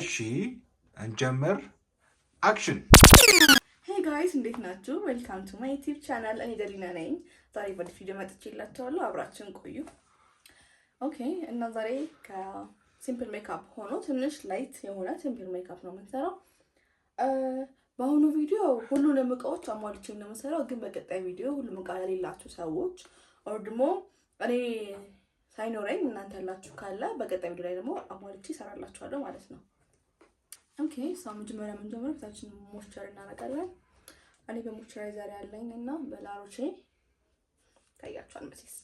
እሺ እንጀምር። አክሽን። ሄይ ጋይስ እንዴት ናችሁ? ዌልካም ቱ ማይ ዩቲዩብ ቻናል። እኔ ደሊና ነኝ። ዛሬ በአዲስ ቪዲዮ መጥቼላችኋለሁ። አብራችን ቆዩ። ኦኬ እና ዛሬ ከሲምፕል ሜካፕ ሆኖ ትንሽ ላይት የሆነ ሲምፕል ሜካፕ ነው የምንሰራው። በአሁኑ ቪዲዮ ሁሉንም እቃዎች አሟልቼ ነው የምሰራው፣ ግን በቀጣይ ቪዲዮ ሁሉም እቃ ለሌላችሁ ሰዎች ኦር ደግሞ እኔ ሳይኖረኝ እናንተ ያላችሁ ካለ በቀጣይ ቪዲዮ ላይ ደግሞ አሟልቼ ይሰራላችኋለሁ ማለት ነው። ኦኬ እሷ መጀመሪያ የምንጀምረው ፊታችን ሞይስቸር እናደርጋለን። እኔ በሞይስቸራይዘር ያለኝ እና በላሮቼ ታያችኋል። መቼስ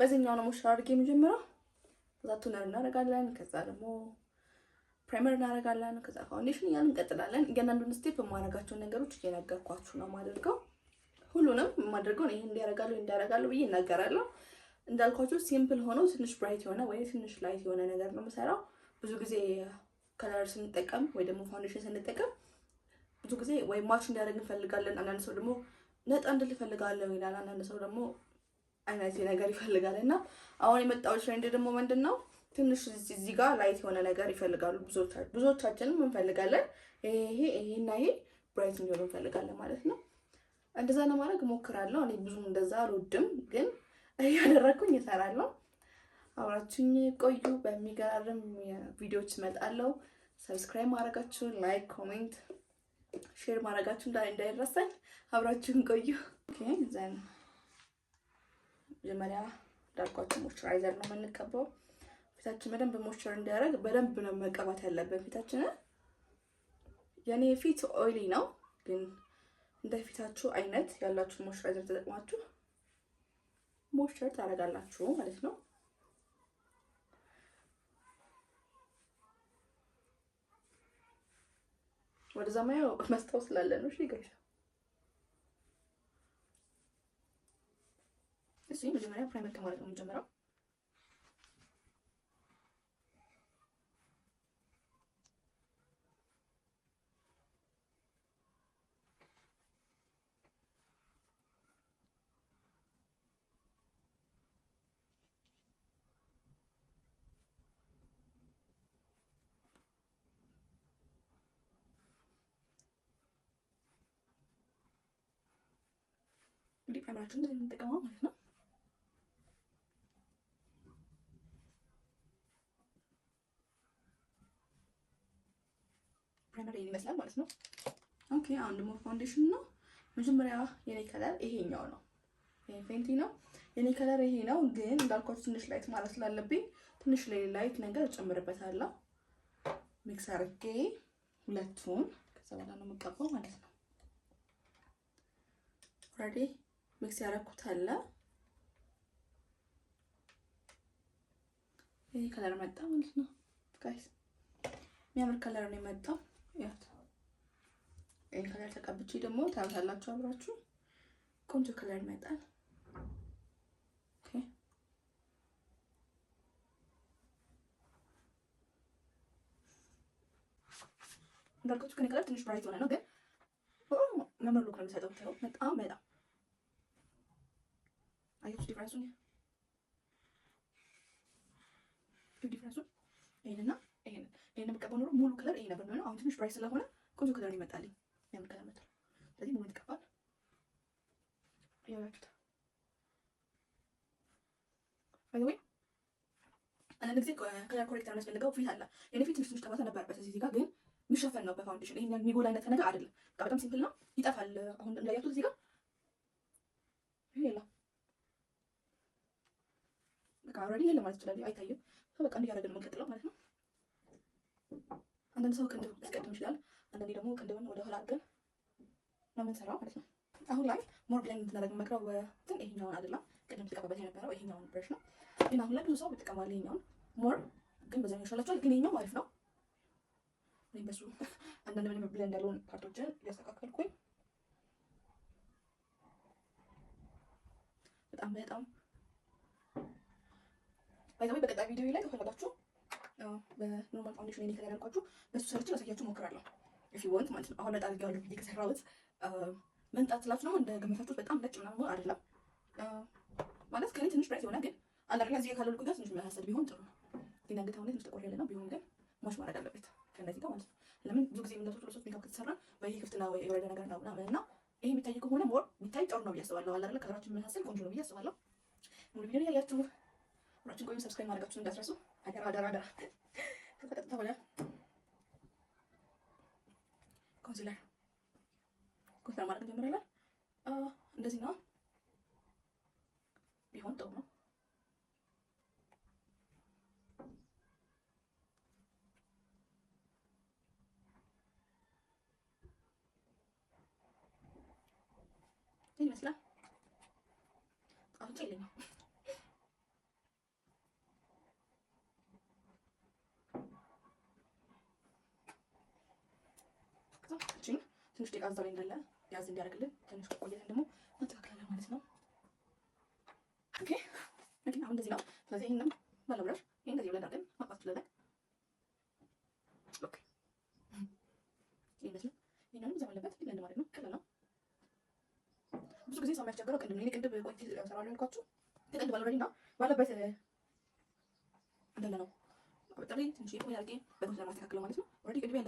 በዚህኛው ነው ሞስቸር አድርጌ የምጀምረው። ከዛ ቶነር እናደርጋለን። ከዛ ደግሞ ፕራይመር እናደርጋለን። ከዛ ፋውንዴሽን እያልን እንቀጥላለን። እያንዳንዱን ስቴፕ የማደርጋቸውን ነገሮች እየነገርኳችሁ ነው የማደርገው። ሁሉንም የማደርገውን ይሄን እንዲያደርጋለሁ እንዲያደርጋለሁ ብዬ እናገራለሁ። እንዳልኳችሁ ሲምፕል ሆኖ ትንሽ ብራይት የሆነ ወይ ትንሽ ላይት የሆነ ነገር ነው የምሰራው ብዙ ጊዜ ከለር ስንጠቀም ወይ ደግሞ ፋውንዴሽን ስንጠቀም ብዙ ጊዜ ወይ ማች እንዲያደርግ እንፈልጋለን። አንዳንድ ሰው ደግሞ ነጣ እንድል ይፈልጋለን ይላል። አንዳንድ ሰው ደግሞ አይነት ነገር ይፈልጋል እና አሁን የመጣው ትሬንድ ደግሞ ምንድን ነው? ትንሽ እዚህ ጋር ላይት የሆነ ነገር ይፈልጋሉ ብዙዎቻችንም እንፈልጋለን። ይሄ ይሄና ይሄ ብራይት እንዲሆን እንፈልጋለን ማለት ነው። እንደዛ ለማድረግ እሞክራለሁ። እኔ ብዙም እንደዛ አልወድም፣ ግን እያደረግኩኝ እሰራለሁ። አብራችሁኝ ቆዩ። በሚገራርም ቪዲዮዎች እመጣለሁ። ሰብስክራይብ ማድረጋችሁን፣ ላይክ፣ ኮሜንት፣ ሼር ማድረጋችሁን እንዳይረሳኝ። አብራችሁን ቆዩ። ዘን መጀመሪያ እንዳልኳችሁ ሞይስቸራይዘር ነው የምንቀባው። ፊታችን በደንብ ሞይስቸር እንዲያደርግ በደንብ ነው መቀባት ያለብን ፊታችንን። የኔ ፊት ኦይሊ ነው፣ ግን እንደ ፊታችሁ አይነት ያላችሁ ሞይስቸራይዘር ተጠቅማችሁ ሞይስቸር ታደርጋላችሁ ማለት ነው። ወደዛ ማየው መስታወት ስላለ ነው። እሺ ይገርሻል። እሺ መጀመሪያ ፕራይመር ከማድረግ ነው የምንጀምረው። እንግዲህ ቀላችሁ የምንጠቀመው ማለት ነው። ፕራይመር ይሄን ይመስላል ማለት ነው። ኦኬ አሁን ደግሞ ፋውንዴሽን ነው። መጀመሪያ የኔ ከለር ይሄኛው ነው። ይሄ ፌንቲ ነው የኔ ከለር ይሄ ነው። ግን እንዳልኳችሁ ትንሽ ላይት ማለት ስላለብኝ ትንሽ ላይ ላይት ነገር እጨምርበታለሁ። ሚክስ አርጌ ሁለቱን ከዛ በኋላ ነው የምቀባው ማለት ነው። ኦልሬዲ ሚክስ ያደረኩት አለ። ይሄ ከለር መጣ ማለት ነው ጋይስ፣ የሚያምር ከለር ነው የመጣው። ያት ይሄ ከለር ተቀብቼ ደግሞ ታዩታላችሁ አብራችሁ። ቆንጆ ከለር ይመጣል። ኦኬ እንዳልኳችሁ ከኔ ከለር ትንሽ ብራይት ሆነ ነው ግን መመር ሉክ ነው የሚሰጠው። በጣም በጣም አያችሁ ዲፍረንሱን ቱ ዲፍረንሱን ይሄንና ይሄንን ይሄንን ብቀባ ኖሮ ሙሉ ክለር ይሄ ነበር የሚሆነው። አሁን ትንሽ ብራይት ስለሆነ ቆንጆ ከለር ይመጣልኝ ያምን ከለር መጣል። ስለዚህ ሙሉ ይቀባል ያላችሁት ባይወይ አንዳንድ ጊዜ ከለር ኮሬክተር የሚያስፈልገው ፊት አለ። የኔ ፊት ትንሽ ትንሽ ጠባሳ ነበረበት እዚህ ጋር ግን የሚሸፈን ነው በፋውንዴሽን። ይሄን የሚጎላ አይነት ነገር አይደለም። በጣም ሲምፕል ነው፣ ይጠፋል። አሁን እንዳያችሁት እዚህ ጋር ይሄ የለም በቃ አብረን የለም ማለት ይችላል። አይታይም። በቃ እንዲህ ያደረግን የምንቀጥለው ማለት ነው። አንዳንድ ሰው ቅንድብ ሊያስቀድም ይችላል። አንዳንዴ ደግሞ ቅንድብን ወደ ኋላ አድርገን ነው የምንሰራው ማለት ነው። አሁን ላይ ሞር ብለን እንድናደርግ መክረው እንትን ይሄኛውን አይደለም ቅድም ትቀባበት የነበረው ይሄኛውን ብረሽ ነው። ግን አሁን ላይ ብዙ ሰው ይጠቀማል ይሄኛውን ሞር ግን በዛኛው ይሻላቸዋል። ግን ይሄኛው አሪፍ ነው። እኔም በሱ አንዳንድ ምን ብለን እንዳለውን ፓርቶችን እያስተካከልኩኝ በጣም በጣም ባይዘወይ በቀጣይ ቪዲዮ ላይ ከፈለጋችሁ በኖርማል ፋውንዴሽን ኔ ከተደረግኳችሁ በሱ ሰርች ላሳያችሁ ሞክራለሁ። ኢፍ ዩ ዋንት ማለት ነው። አሁን ነጣ አድርጌዋለሁ ብዬ ከሰራሁት መንጣት ስላችሁ ደግሞ እንደ ገመታችሁት በጣም ነጭ ምናምን መሆን አይደለም። ማለት ከኔ ትንሽ ብራይት የሆነ ግን አንዳንድ ጋር ካለልኩ ጋር ትንሽ መሳሰል ቢሆን ጥሩ ነው። ግን ያንገት አሁን ትንሽ ጠቆር ያለ ነው። ቢሆን ግን ማሽ ማድረግ አለበት ከእነዚህ ጋር ማለት ነው። ለምን ብዙ ጊዜ የምንለብሱት ልብሶች ሜካፕ ከተሰራ በይሄ ክፍትና የወረደ ነገር ነው ምናምን እና ይሄ የሚታይ ከሆነ ሞር ቢታይ ጥሩ ነው ብዬ አስባለሁ። አላለ ከራችን መሳሰል ቆንጆ ነው ብዬ አስባለሁ። ሙሉ ቪዲዮ ያያችሁ አብራችን ቆዩ። ሰብስክራይብ ማድረጋችሁን እንዳትረሱ። አደራ አደራ አደራ። ከፈጠጥታ ኮንሲለር ኮንሲለር ማድረግ እንጀምራለን። እንደዚህ ነው ቢሆን ጥሩ ነው። ይመስላል እቺ ትንሽ ደቂቃ እዛው ላይ እንዳለ ያዝ እንዲያደርግልን ትንሽ ቆየት ደግሞ ማስተካከል ማለት ነው። ኦኬ ለኪን አሁን እንደዚህ ነው። ስለዚህ ይሄንን ባለብራሽ ይሄን እንደዚህ ብለን አድርገን ማጥፋት ስለለ ኦኬ ይሄን ነው ይሄንን ይሄን ማለት ነው። ቀላል ነው። ብዙ ጊዜ ሰው የሚያስቸግረው ቅንድብ ነው። ይሄን ቅንድብ ቆይቼ እሰራዋለሁ ያልኳችሁ ቅንድብ ባለብራሽ እና ባለበት እንዳለ ነው። በጣም ትንሽ ቆይ አድርጌ በደንብ ለማስተካከል ማለት ነው። ኦልሬዲ ቅንድብ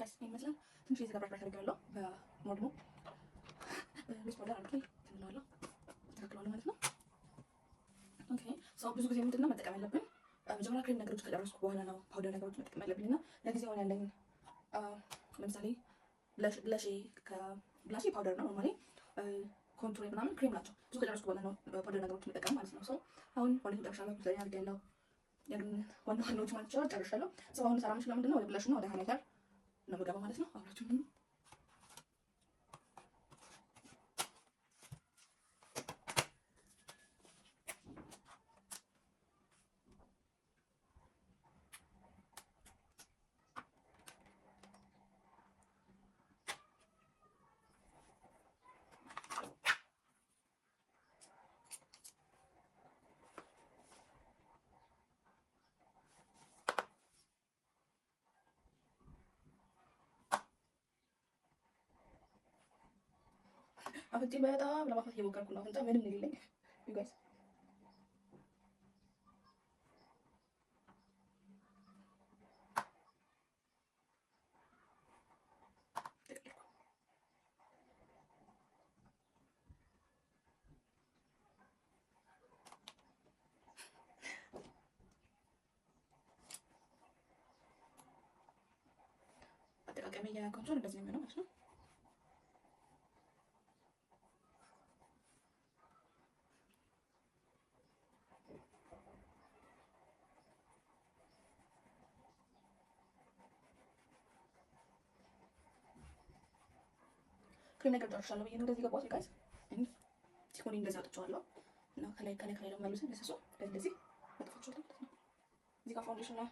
ጋይስ ይመስላል ትንሽ ያለው ሚስ አድርጌ ማለት ነው። ኦኬ ሰው ብዙ ጊዜ ምንድነው ነው መጠቀም ያለብን መጀመሪያ ክሬም ነገሮች ከጨረስኩ በኋላ ነው ፓውደር ነገሮች መጠቀም ያለብን። እና ለጊዜው አሁን ያለኝ ለምሳሌ ብላሽ ከብላሽ ፓውደር ነው ኖርማሊ ኮንቱር ምናምን ክሬም ናቸው። ብዙ ከጨረስኩ በኋላ ነው ፓውደር ነገሮች መጠቀም ማለት ነው። ሰው አሁን ወደ መጨረሻ ላይ ያድርግ ያለው ዋና ዋናዎች ማለት ጨርሻለሁ። ሰው አሁን ወደ ብላሽ ነው ወደ ሃይላይተር እንጎዳባ ማለት ነው አብራችሁ አፍንጭ በጣም ለማፋት እየሞከርኩ ነው። አፍንጫ ምንም የሌለኝ ዩጋይስ አጠቃቀሚ የኮንሶል እንደዚህ ነው ማለት ነው። ክሬም ነገር ጨርሻለሁ ብዬ ነው እንደዚህ ገባሁት። ጋይስ ሲሆን እንደዚህ አውጥቼዋለሁ እና ከላይ ከላይ ከላይ ደግሞ ያሉትን ለሰሶ እንደዚህ አጥፋችኋለሁ ማለት ነው። እዚህ ጋር ፋውንዴሽን ነው ነው።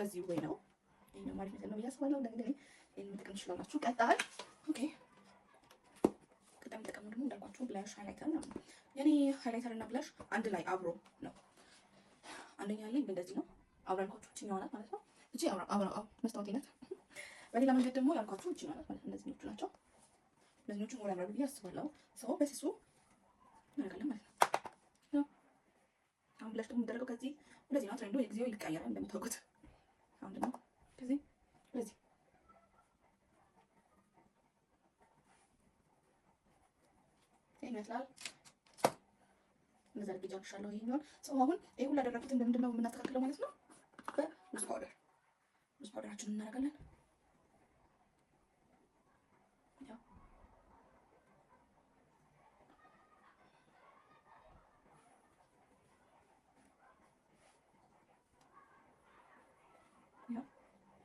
በዚህ ወይ ነው። ነው ማለት ነው ብዬ አስባለሁ። እንደዚህ ይህን መጠቀም ትችላላችሁ። ቀጣል ኦኬ በጣም የተጠቀምነው ደግሞ እንዳልኳችሁ ብላሽ ሃይላይተር ነው። የኔ ሃይላይተር እና ብላሽ አንድ ላይ አብሮ ነው። አንደኛ ላይ እንደዚህ ነው አብራ ያልኳችሁ እችኛዋ ናት ማለት ነው። እቺ አብራ አብራ መስታወት ናት። በሌላ መንገድ ደግሞ ያልኳችሁ እችኛዋ ናት ማለት ነው። እነዚህ ልጆቹ ናቸው። እነዚህ ልጆቹ ሞላ ብዬ አስባለሁ። ሰው በሲሱ እናደርጋለን ማለት ነው። አሁን ብላሽ ደግሞ የሚደረገው ከዚህ ወደዚህ ነው። ትሬንዶ የጊዜው ይቀየራል እንደምታውቁት። አሁን ደግሞ ከዚህ ወደዚህ ይመስላል። እንደዛ ልጅ አልሻለሁ። ይሄኛውን ሰው አሁን ይሄ ሁሉ ያደረኩትን በምንድን ነው የምናስተካክለው ማለት ነው? በሩዝ ፓውደር እናደርጋለን።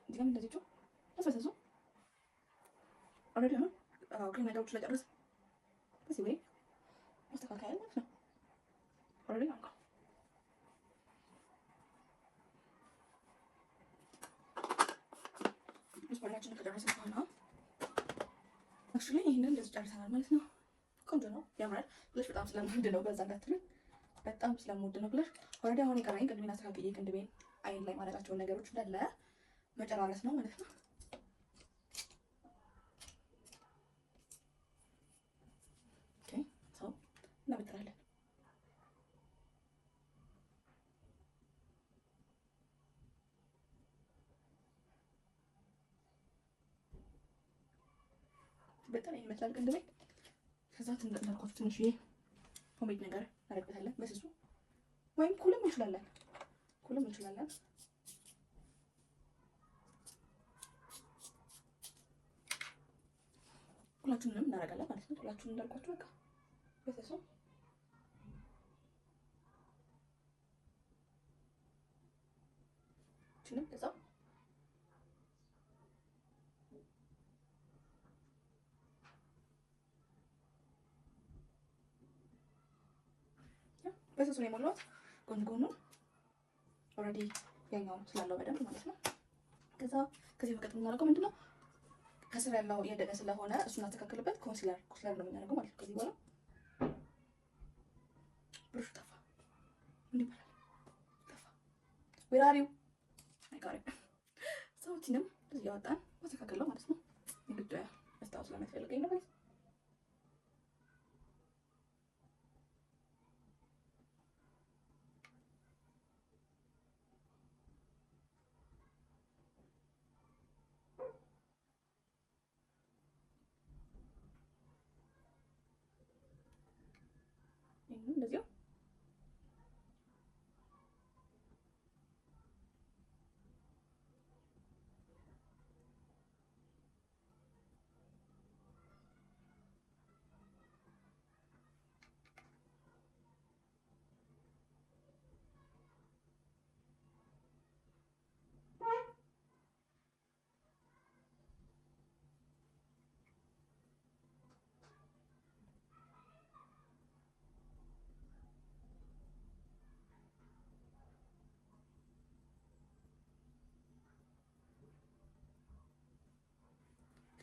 እዚህም እንደዚህ ኦልሬዲ ነገሮች ወይ ማስተካከያል ማለት ነው። ኦልሬዲ አልኳ። ምስማሪያችንን ከጨረስን በኋላ አክቹዋሊ ይህንን እንደዚህ ጨርሰናል ማለት ነው። ቆንጆ ነው፣ ያምራል ብለሽ በጣም ስለምወድ ነው በዛ እንዳትሉኝ፣ በጣም ስለምወድ ነው ብለሽ ኦልሬዲ አሁን የቀረኝ ቅድሜን አስተካክዬ ቅንድቤን አይን ላይ ማለታቸውን ነገሮች እንዳለ መጨራረስ ነው ማለት ነው። ይመስላል ቅንድቤ። ከዛ ትንጠቅላልኳት ትንሽ ሆሜድ ነገር እናደርግበታለን በስሱ ወይም ኩልም እንችላለን ኩልም እንችላለን። ሁላችሁንም እናደርጋለን ማለት ነው። ሁላችሁን እንዳልኳችሁ በቃ በስሱ ችንም እዛው በስሱ ነው የሞላሁት። ጎን ጎኑ ኦልሬዲ ያኛው ስላለው በደንብ ማለት ነው። ከዛ ከዚህ በቀጥታ የምናደርገው ምንድነው ከስር ያለው የደቀ ስለሆነ እሱ እናስተካክልበት። ኮንሲለር ኮንሲለር ነው የምናደርገው ማለት ነው። ከዚህ በኋላ ብሩሽ ጠፋ። ምን ይባላል? ጠፋ ወራሪው አይቀርም። ሰዎችንም እዚህ ያወጣን ማስተካከል ነው ማለት ነው። እንግዲህ ያው አስተዋጽኦ ነው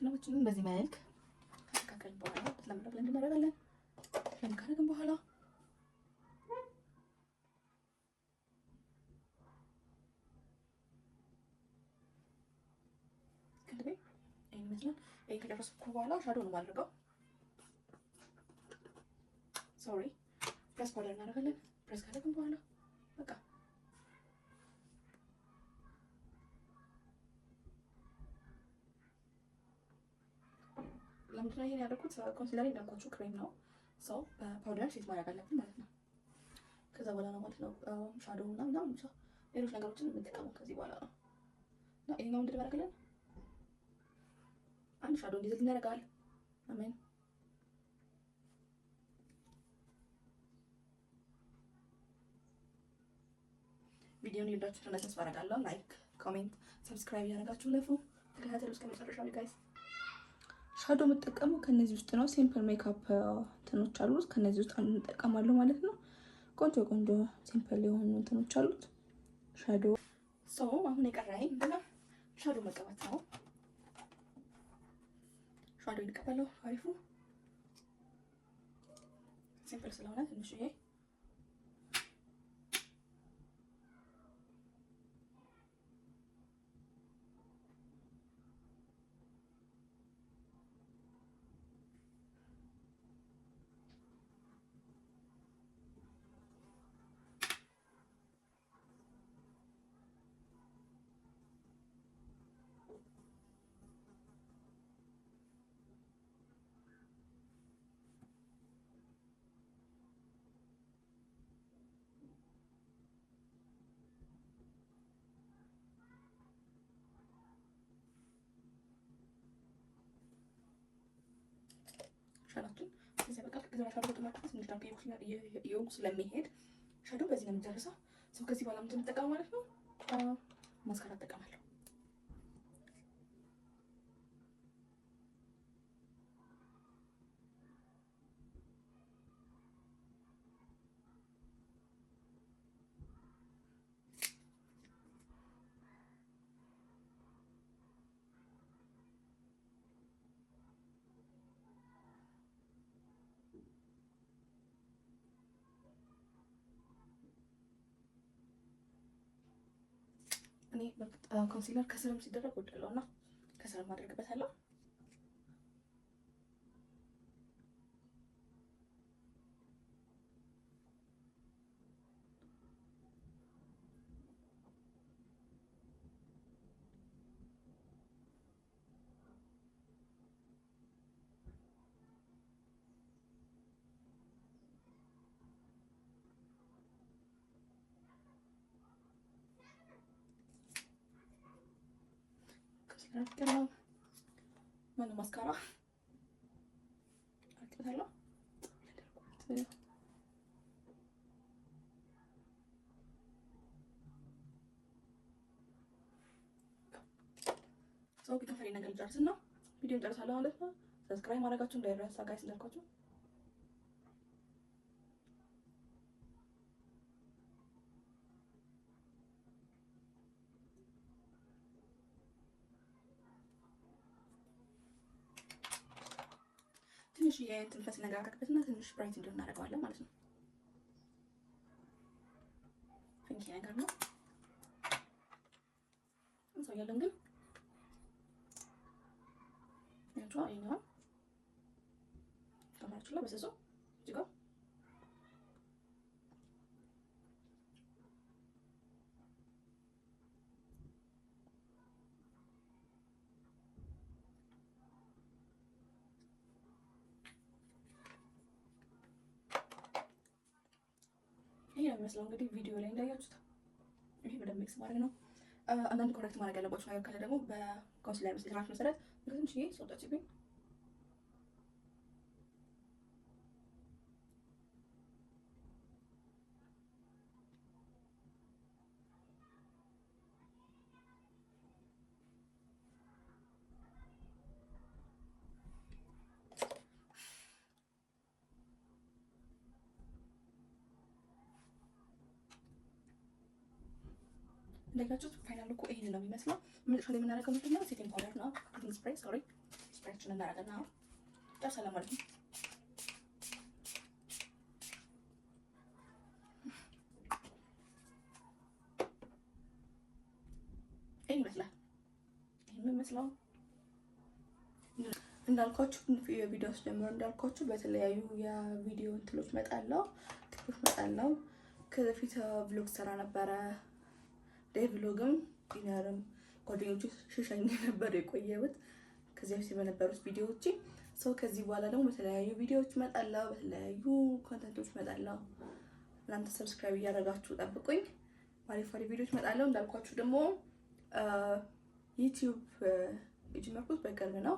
ሁላችንም በዚህ መልክ ካካከል በኋላ ለምረብ ላይ እንደመረጋለን ካረግን በኋላ ይመስላል ይሄ ከደረስኩ በኋላ ሻዶ ነው የማደርገው። ሶሪ ፕሬስ ፓውደር እናደርጋለን። ፕሬስ ካደረግን በኋላ በቃ ለምንድነው ይሄን ያደረኩት? ኮንሲለር እንዳልኳችሁ ክሬም ነው። ሰው በፓውደር ሴት ማድረግ አለብን ማለት ነው። ከዛ በኋላ ነው ማለት ነው ሻዶ እና ምናምን ብቻ ሌሎች ነገሮችን የምንጠቀመው ከዚህ በኋላ ነው። እና ይሄኛው ምንድን ያደርግልን? አንድ ሻዶ እንዲዘል ይነረጋል። አሜን ቪዲዮን ይወዳችሁ ተነሳስ ተስፋ አደርጋለሁ። ላይክ፣ ኮሜንት፣ ሰብስክራይብ እያደረጋችሁ ለፉ ተከታተሉ እስከ መጨረሻው ጋይስ ሻዶ የምጠቀመው ከነዚህ ውስጥ ነው። ሲምፕል ሜካፕ እንትኖች አሉት። ከነዚህ ውስጥ አንዱ እንጠቀማለሁ ማለት ነው። ቆንጆ ቆንጆ ሲምፕል የሆኑ እንትኖች አሉት። ሻዶ ሰው አሁን የቀረኝ ብላ ሻዶ መቀባት ነው። ሻዶ ይቀበለው አሪፉ ሲምፕል ስለሆነ ትንሽ ይሄ የሆንኩ ስለሚሄድ ሻዶ በዚህ ነው የሚጨርሰው ሰው ከዚህ በኋላ ምንድን እንጠቀም ማለት ነው ማስካራ እጠቀማለሁ እኔ ኮንሲለር ከስርም ሲደረግ ወዳለው እና ከስርም አደርግበታለሁ። አደርጋለሁ። ማነው ማስካራ አድርጋለሁ። ሰው ከፈሪ ነገር ጨርስና ቪዲዮን ጨርሳለሁ ማለት ነው። ሰብስክራይብ ማድረጋችሁ እንዳይረሳ ጋይስ እንዳልኳችሁ የትንፈስ ነገር አረግበትና ትንሽ ብራይት እንዲሆን እናደርገዋለን ማለት ነው። ፍንኪ ነገር ነው እንሰውያለን ግን ያቸዋ ይኛዋል በሰሶ በስሱ እጅጋው የሚመስለው እንግዲህ ቪዲዮ ላይ እንዳያችሁት ይሄ በደንብ ሚክስ ማድረግ ነው። አንዳንድ ኮሬክት ማድረግ ያለባችሁ ነገር ካለ ደግሞ በኮንሲለር መስራት መሰረት ትንሽዬ እንዳያችሁት ፋይናል እኮ ይሄን ነው የሚመስለው። መጨረሻ ላይ የምናደርገው ምንድን ነው? ሴቲንግ ፓውደር ነው። ስፕሬይ ሶሪ፣ እናደርግና ማለት ነው። ይሄን ይመስላል። ይሄን የሚመስለው እንዳልኳችሁ የቪዲዮ እንዳልኳችሁ በተለያዩ የቪዲዮ እንትሎች መጣለው መጣለው። ከዚህ በፊት ብሎግ ሰራ ነበረ ዴቭሎግም ዲናርም ጓደኞቹ ሽሻኝ ነበር የቆየሁት ከዚህ በፊት በነበሩት ቪዲዮዎች ሰው ከዚህ በኋላ ደግሞ በተለያዩ ቪዲዮዎች መጣለሁ፣ በተለያዩ ኮንተንቶች መጣለሁ። እናንተ ሰብስክራይብ እያደረጋችሁ ጠብቁኝ። ባሪፍ ባሪፍ ቪዲዮዎች መጣለሁ። እንዳልኳችሁ ደግሞ ዩቲዩብ የጀመርኩት በቅርብ ነው።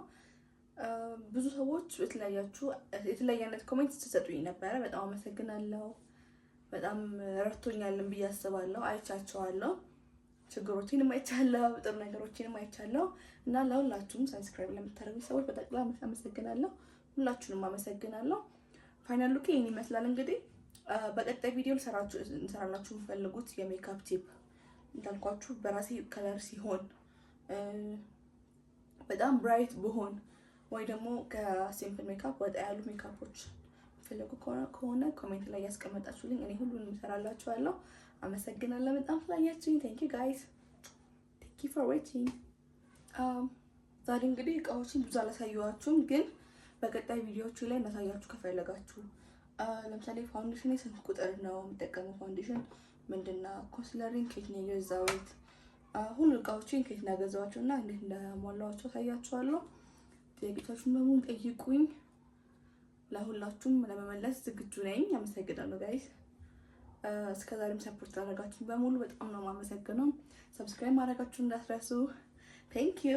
ብዙ ሰዎች የተለያያችሁ የተለያየ አይነት ኮሜንት ስትሰጡኝ ነበረ። በጣም አመሰግናለሁ። በጣም ረድቶኛልን ብዬ አስባለሁ። አይቻቸዋለሁ ችግሮችን አይቻለሁ፣ ጥሩ ነገሮችን አይቻለሁ እና ለሁላችሁም ሰብስክራይብ ለምታደርጉ ሰዎች በጠቅላላ አመሰግናለሁ። ሁላችሁንም አመሰግናለሁ። ፋይናል ሉክ ይህን ይመስላል። እንግዲህ በቀጣይ ቪዲዮ እንሰራላችሁ የምፈልጉት የሜካፕ ቲፕ እንዳልኳችሁ በራሴ ከለር ሲሆን በጣም ብራይት ብሆን ወይ ደግሞ ከሲምፕል ሜካፕ ወጣ ያሉ ሜካፖች የምፈልጉ ከሆነ ኮሜንት ላይ ያስቀመጣችሁልኝ እኔ ሁሉንም እሰራላችኋለሁ። አመሰግናለሁ በጣም ስላያችሁኝ። ቴንክ ዩ ጋይስ ቴንክ ዩ ፎር ዋቺንግ። ዛሬ እንግዲህ እቃዎችን ብዙ አላሳየኋችሁም፣ ግን በቀጣይ ቪዲዮዎቹ ላይ ማሳያችሁ ከፈለጋችሁ። uh, ለምሳሌ ፋውንዴሽን ስንት ቁጥር ነው የምጠቀመው? ፋውንዴሽን ምንድና ኮንሲለሪን ኬት ነው የገዛሁት? Uh, ሁሉ እቃዎችን ኬት ነው ያገዛኋቸው እና እንዴት እንዳሟላኋቸው አሳያችኋለሁ። ጥያቄዎቻችሁን በሙሉ ጠይቁኝ። ለሁላችሁም ለመመለስ ዝግጁ ነኝ። አመሰግናለሁ ጋይስ። እስከዛሬም ሰፖርት ላደረጋችሁን በሙሉ በጣም ነው የማመሰግነው። ሰብስክራይብ ማድረጋችሁ እንዳትረሱ። ቴንክ ዩ